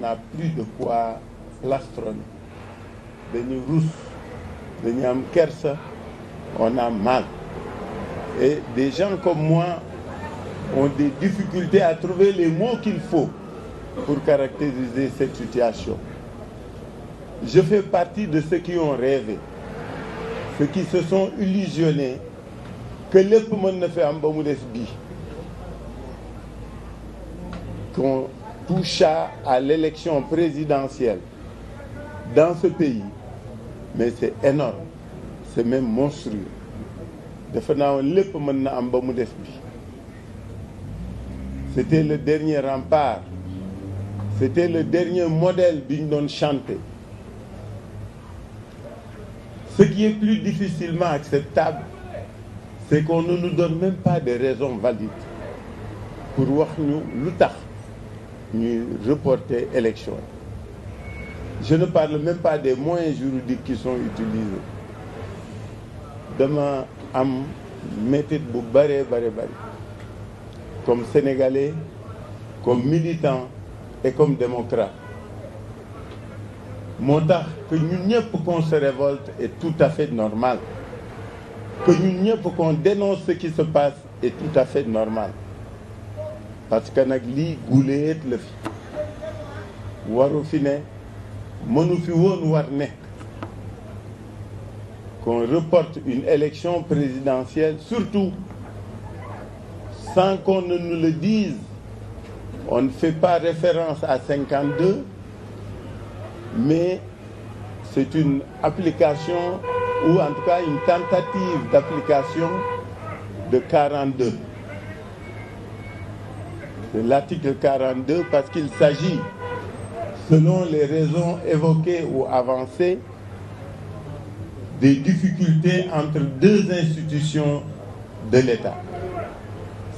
n'a plus de quoi plastronner dañu rus dañu am kers on a mal et des gens comme moi ont des difficultés à trouver les mots qu'il faut pour caractériser cette situation je fais partie de ceux qui ont rêvé ceux qui se sont illusionnés que lépp mën na fi am ba mu toucha à l'élection présidentielle dans ce pays mais c'est énorme c'est même monstrueux dafa naa woon lépp mën na am ba mu def bi c'était le dernier rempart c'était le dernier modèle bi doon chanter ce qui est plus difficilement acceptable c'est qu'on ne nous donne même pas des raisons valides pour wax ñu lu tax ñuy reporter élection yi je ne parle même pas des moyens juridiques qui sont utilisés dama am métit bu bëree bëri bëri comme sénégalais comme militant et comme démocrate moo tax que ñun ñëpp qu'on se révolte est tout à fait normal que ñun ñëpp qu'on dénonce ce qui se passe est tout à fait normal parce que nag lii guléet la fi waru fi ne mënu woon war ne qu'on reporte une élection présidentielle surtout sans qu'on ne nous le dise on ne fait pas référence à mais c'est une application ou en tout cas une tentative d'application de 42 de l'article 42 parce qu'il s'agit, selon les raisons évoquées ou avancées, des difficultés entre deux institutions de l'État.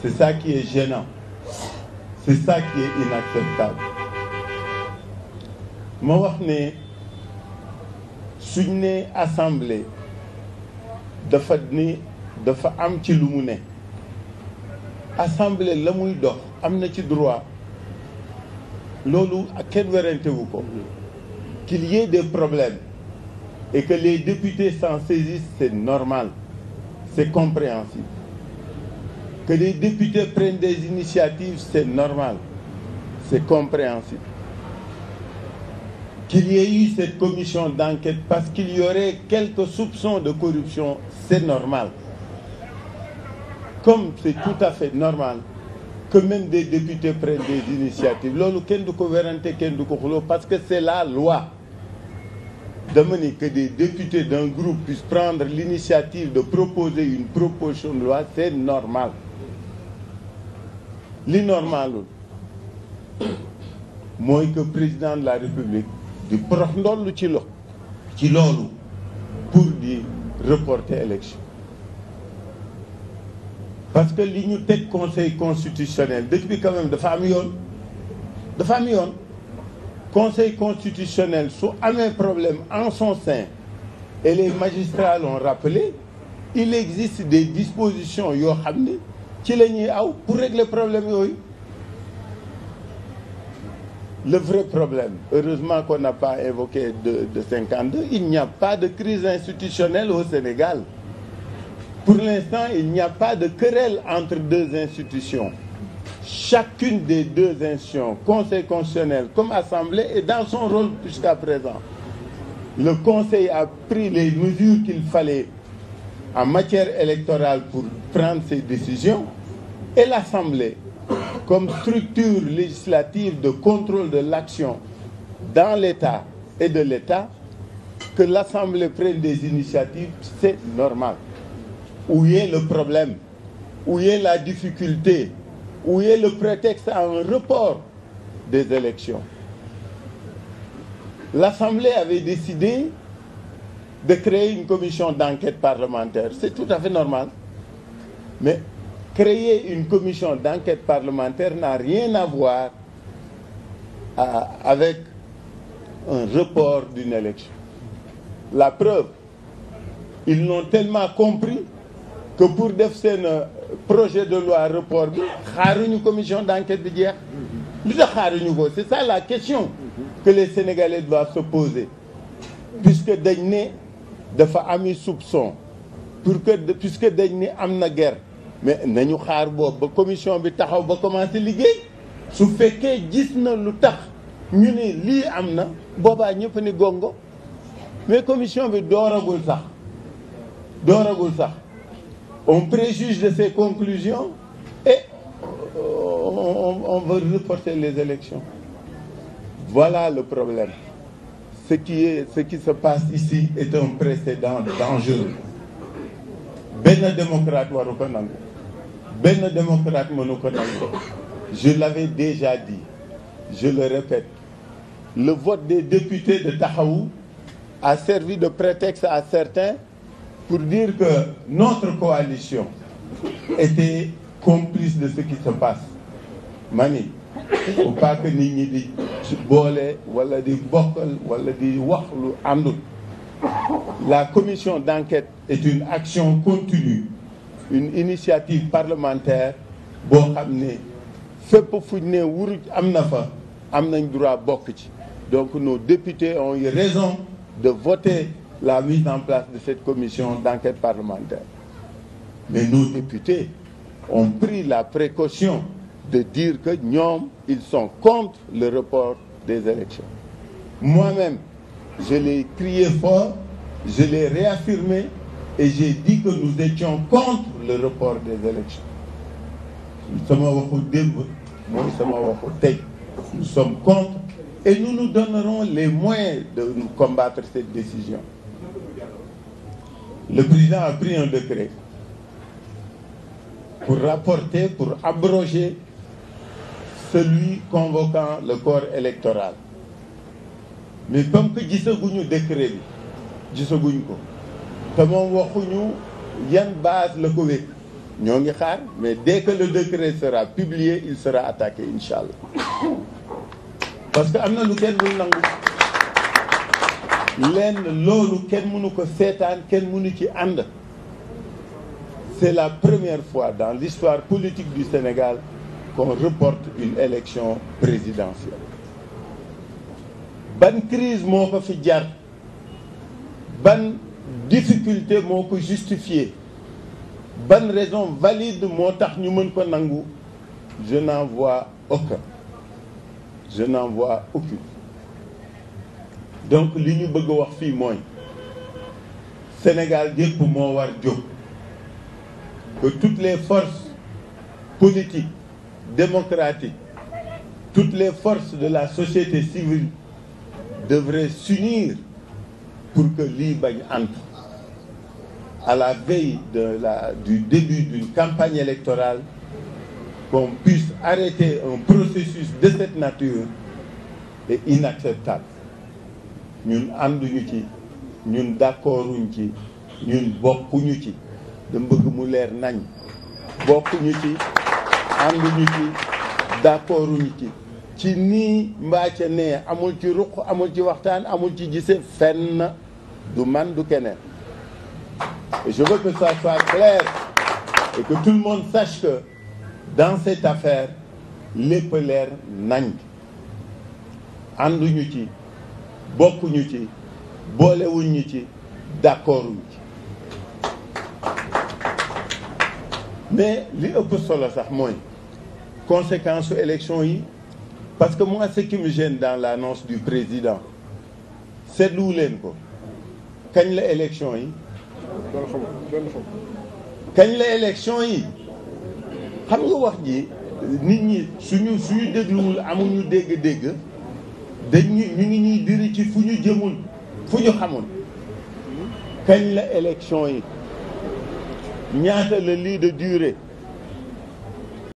C'est ça qui est gênant. C'est ça qui est inacceptable. ma wax ne suñ ne assemblée dafa ni am ci lu mu ne assemblée la muy dox am na ci droit loolu kenn werante wu ko qu'il y ait des problèmes et que les députés s'en saisissent c'est normal c'est compréhensible que les députés prennent des initiatives c'est normal c'est compréhensible qu'il y ait eu cette commission d'enquête parce qu'il y aurait quelques soupçons de corruption c'est normal comme c'est tout à fait normal que même des députés prennent des initiatives loolu kenn du ko werante kenn du ko xuloo parce que c'est la loi dama ni que des députés d'un groupe puissent prendre l'initiative de proposer une proposition de loi c'est normal li normalul mooy que président de la république di prox ndollu ci lo ci loolu pour di reporter élection parce que li ñu teg conseil constitutionnel dëkk bi quand même dafa am yoon dafa am yoon conseil constitutionnel su amee problème en son sein et les magistrats l'ont rappelé il existe des dispositions yoo xam ne ci la ñuy aw pour régler problème yooyu le vrai problème heureusement qu'on n'a pas évoqué de de cinquante-deux il n'y a pas de crise institutionnelle au Sénégal Pour l'instant, il n'y a pas de querelle entre deux institutions. Chacune des deux institutions, Conseil constitutionnel comme Assemblée, est dans son rôle jusqu'à présent. Le Conseil a pris les mesures qu'il fallait en matière électorale pour prendre ses décisions et l'Assemblée, comme structure législative de contrôle de l'action dans l'État et de l'État, que l'Assemblée prenne des initiatives, c'est normal. où est le problème, où est la difficulté, où est le prétexte à un report des élections. L'Assemblée avait décidé de créer une commission d'enquête parlementaire. C'est tout à fait normal. Mais créer une commission d'enquête parlementaire n'a rien à voir à, avec un report d'une élection. La preuve, ils l'ont tellement compris que pour def seen euh, projet de loi report bi xaaruñu commission d'enquête bi jeex lu tax xaaruñu ko c'est ça la question que les Sénégalais doivent se poser puisque dañ ne dafa am soupçon pour que puisque dañ ni am na guerre mais nañu xaar boobu ba commission bi taxaw ba commencé liggéey su fekkee gis na lu tax ñu ne lii am na boobaa ñëpp ni gongo mais commission bi doo dooragul sax dooragul sax on préjuge de ses conclusions et on, on, veut reporter les élections. Voilà le problème. Ce qui, est, ce qui se passe ici est un précédent dangereux. Ben démocrate Warukonango. Ben démocrate Monokonango. Je l'avais déjà dit. Je le répète. Le vote des députés de Tahaou a servi de prétexte à certains pour dire que notre coalition était complice de ce qui se passe mani bu paaka nit ñi di boole wala di bokkal wala di wax lu àndul la commission d'enquête est une action continue une initiative parlementaire boo xam ne fépp fuñ ne wuruj am na fa am nañ droit bokk ci donc nos députés ont eu raison de voter la mise en place de cette commission d'enquête parlementaire. Mais nos députés ont pris la précaution de dire que ñoom ils sont contre le report des élections. Moi-même, je l'ai crié fort, je l'ai réaffirmé et j'ai dit que nous étions contre le report des élections. sama waxu sama waxu tey nous nous donnerons les moyens de nous combattre cette décision. le président a pris un décret pour rapporter, pour abroger celui convoquant le corps électoral mais comme que gisaguñu décret bi gisaguñ ko te moom waxuñu yan base la ko wékk ñoo ngi xaar mais dès que le décret sera publié il sera attaqué incha parce que am na lu kenn dul nangu lenn loolu kenn mënu ko seetaan kenn mënu ci ànd c'est la première fois dans l'histoire politique du Sénégal qu'on reporte une élection présidentielle ban crise moo ko fi jar ban difficulté moo ko justifié ban raison valide moo tax ñu mën ko nangu je n'en vois aucun je n'en vois aucune donc li ñu bëgg wax fii mooy Sénégal yëpp moo war jóg que toutes les forces politiques démocratiques toutes les forces de la société civile devraient s'unir pour que lii bañ antu à la veille de la du début d'une campagne électorale qu'on puisse arrêter un processus de cette nature est inacceptable ñun ànduñu ci ñun d'accorduñ ci ñun bokkuñu ci dama bëgg mu leer nañ bokkuñu ci ànduñu ci d'accorduñu ci ci nii mbaa ca nee amul ci ruq amul ci waxtaan amul ci gise fenn du man du keneen et je veux que ça soit clair et que tout le monde sache que dans cette affaire lépp leer nañ ànduñu ci bokkuñu ci boolewuñ ñu ci d'accorduñ ci mais li ëpp solo sax mooy conséquence su yi parce que moi ce qui me gêne dans l'annonce du président seetlu leen ko kañ la élection yi kañ la élection yi xam nga wax ji nit ñi suñu suñu dégluwul amuñu dégg-dégg dañ ñu ngi ñuy diri ci fu ñu jëmul fu ñu xamul kañ la élection yi ñaata la lii de durée